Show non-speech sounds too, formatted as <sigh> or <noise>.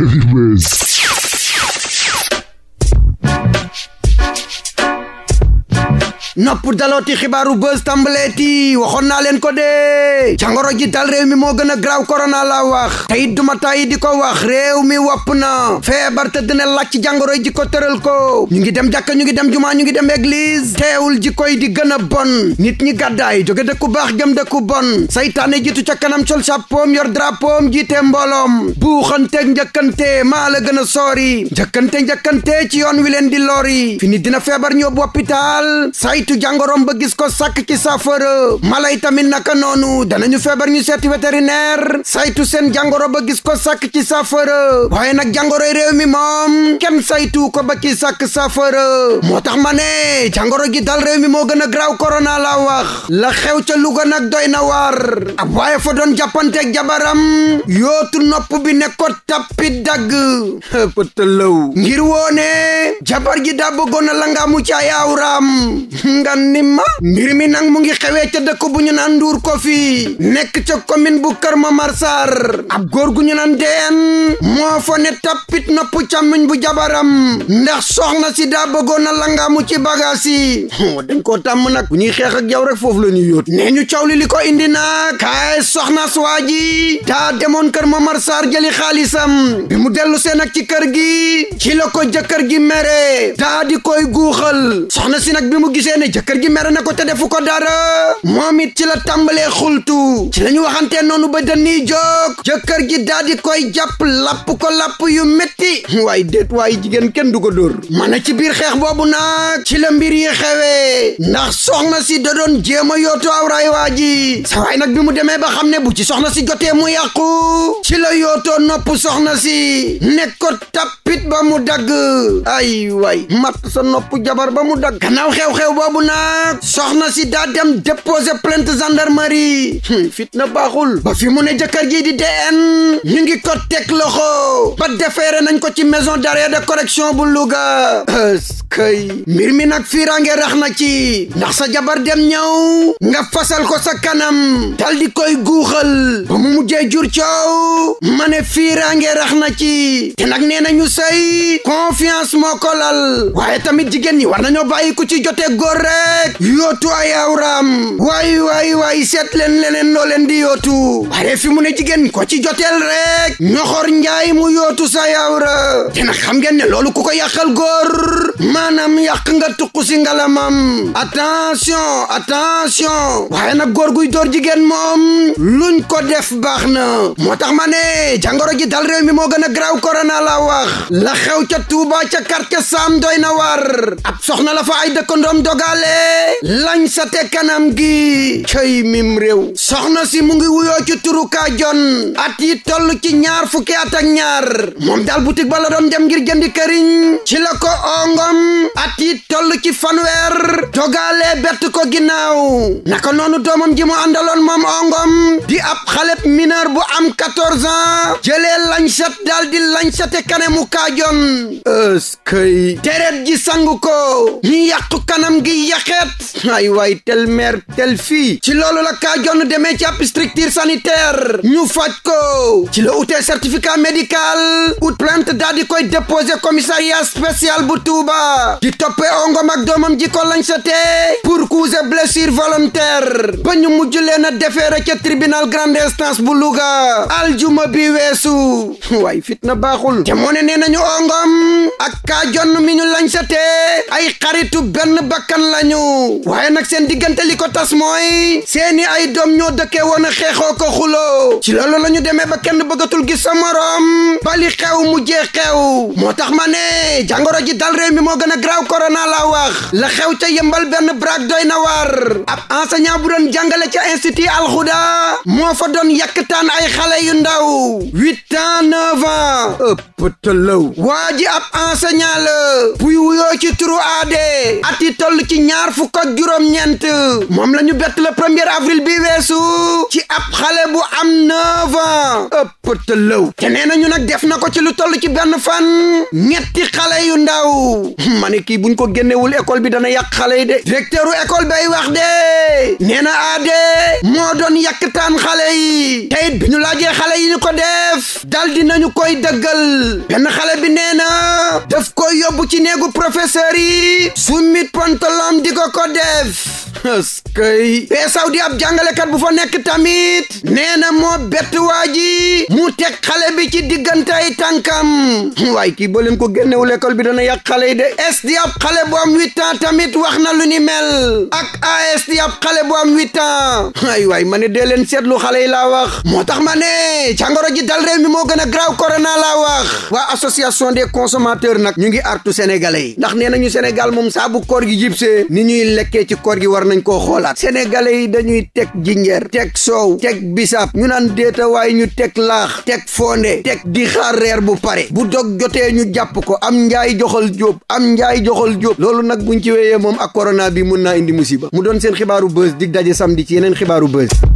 Everywhere. nopp dalooti xibaaru buzz tàmbaleeti waxoon naa leen ko dee jàngoro ji dal réew mi moo gën a graaw korona laa wax te it duma tàyyi di ko wax réew mi wopp na feebar te dina laaj ci jàngoro ji ko tëral ko ñu ngi dem jàkka ñu ngi dem jumaa ñu ngi dem église teewul ji koy di gën a bon nit ñi gàddaay jóge dëkku baax jëm dëkku bon saytaane jiitu ca kanam sol sàppoom yor drapoom jiite mbooloom buuxanteeg njëkkante maa la gën a soori njëkkante njëkkante ci yoon wi leen di lori dina feebar ñu yóbbu moytu jàngoroom ba gis ko sàkk ci saafara mala yi tamit naka noonu danañu feebar ñu seeti vétérinaire saytu seen jàngoro ba gis ko sàkk ci saafara waaye nag jàngoroy réew moom kenn saytu ko ba ci sàkk saafara moo tax ma ne jàngoro gi dal réew mi moo gën a graaw korona laa wax la xew ca Louga nag doy na waar ab waaye fa doon jàppanteeg jabaram yootu nopp bi ne ko tappi dagg <laughs> ngir woone jabar ji daa bëggoon a ci ay awraam <laughs> ngandi ma mi nag mu ngi xewee ca dëkk bu ñu naan nduur ko fii nekk ca commune bu Kër Momar Sarr ab góor gu ñu naan deen moo fa ne tappit nopp càmmiñ bu jabaram ndax soxna si daa bëggoon a langaamu ci bagaas yi dañ koo tàmm nag bu ñuy xeex ak rek foofu la ñuy yóot nee ñu cawli li ko indi nag kaay soxna suwaa ji daa demoon Kër ma Sarr jëli xaalisam bi mu dellu seen ak ci kër gi ci la ko jëkkër gi mere daa di koy guuxal soxna si nag bi mu gisee ne jëkkër ji mere na ko te defu ko dara moom it ci la tàmbalee xultu ci la ñu waxantee noonu ba danii jóg jëkkër ji daal di koy jàpp làpp ko làpp yu métti waaye déet waaye jigéen kenn du ko dóor ma ne ci biir xeex boobu nag ci la mbir yi xewee ndax soxna si da doon jéem a yootu awraay waa ji sa nag bi mu demee ba xam ne bu ci soxna si jotee mu yàqu ci la yootoo nopp soxna si ne ko tappit ba mu dagg ay waay mat sa nopp jabar ba mu dagg gannaaw xew boobu nag soxna si daa dem déposé plainte gendarmerie fitna baaxul ba fi mu ne jëkkër ji di DN ñu ngi ko teg loxo ba defeere nañ ko ci maison d'arrêt de correction bu Louga eskay mbir mi nag fiiraange rax na ci ndax sa jabar dem ñaw nga fasal ko sa kanam dal di koy guuxal ba mu mujjee jur coow ma ne fiiraange rax na ci te nag nee nañu sëy confiance moo ko waaye tamit jigéen ñi war nañoo bàyyi ku ci jotee góor rek yootu a awram waay waay waay seet leen leneen loo leen di yootu waaye fi mu ne jigéen ko ci joteel rek ñoxor njaay mu yootu sa yawra te nag xam ngeen ne loolu ku ko yàqal góor maanaam yàq nga tuq si ngalamam attention attention waaye nag góor guy door jigéen moom luñ ko def baax na moo tax ma ne jàngoro ji dal réew mi moo gën a graw korona la wax la xew ca Tuuba ca quartier doy na war ab soxna la fa ay dëkkandoom dogal jaale lañ sa te kanam gi cëy mim réew soxna si mu ngi wuyoo ci turu kaajon at toll ci ñaar fukki at ak ñaar moom daal boutique ba la doon ngir jëndi këriñ ci la ko ongom at yi toll ci fanweer dogaale bett ko ginnaaw naka noonu doomam ji mu àndaloon moom ongom di ab xaleb mineur bu am 14 ans lañsat daal di lañsate kanamu kaajoon eskay ji sang ko ñu yàqu kanam gi yàqeet ay waay tel meer tel fii ci loolu la kaajoon demee ci ab structure sanitaire ñu faj ko ci la utee certificat médical ut plainte daal di koy déposé commissariat spécial bu Touba di toppee ongom ak doomam ji ko lañsate pour cause blessure volontaire ba ñu mujj leen a defeere ca tribunal grande instance bu Louga aljuma bi weesu <laughs> waaye fitna baaxul te moo ne nee nañu ongom ak kaa jonn mi ñu lañ sa ay xaritu benn bakkan lañu waaye nag seen diggante li ko tas mooy seeni ay doom ñoo dëkkee woon a xeexoo ko xuloo ci loolu la ñu demee ba kenn bëggatul gis sa morom bali xew mu jee xew moo tax ma ne jàngoro ji dal réew mi moo gën a graaw korona laa wax la xew ca yëmbal benn braak doy na war ab enseignant bu doon jàngale ca institut alxuda moo fa doon yàkkataan ay xale yu ndaw huit ans neuf ans ëpp tëlaw waa ab enseignant buy wuyoo ci turu dee at yi ci ñaar fukk ak juróom-ñeent moom la ñu bett le premier avril bi weesu ci ab xale bu am neuf ans ëpp te lëw te nee na ñu nag def na ko ci lu toll ci benn fan ñetti xale yu ndaw ma ne kii buñ ko génnewul école bi dana yàq xale yi de directeuru école ay wax de nee na aade moo doon yàkkataan xale yi te bi ñu laajee xale yi ñu ko def dal di nañu koy dëggal benn xale bi nee na ko yóbbu ci néegu professeur yi summit pantalam di ko ko def askay pee eh, saw di ab jàngalekat bu fa nekk tamit nee moo bett mu teg xale wi ci diggante ay tànkam waaye kii boo leen ko génnewul école bi dana yàq xale yi de es di xale bu am huit ans tamit wax na lu ni mel ak a di ab xale bu am huit ans ay waaye ma ne dee leen seetlu xale yi laa wax moo tax ma ne jàngoro ji dal réew mi moo gën a graw corona la wax waa association des consommateurs nag ñu ngi artu sénégalais yi ndax nee nañu sénégal moom saa bu koor gi jibsee ni ñuy lekkee ci koor gi war nañ koo xoolaat sénégalais yi dañuy teg jinjeer teg soow teg bisap ñu naan déeta waaye ñu teg laax teg fonde jotee teg di xareer reer bu pare bu dog jotee ñu jàpp ko am njaay joxal jóob am njaay joxal jóob loolu nag buñ ci wéyee moom ak corona bi mun naa indi musiba mu doon seen xibaaru buzz dig daje samedi ci yeneen xibaaru buzz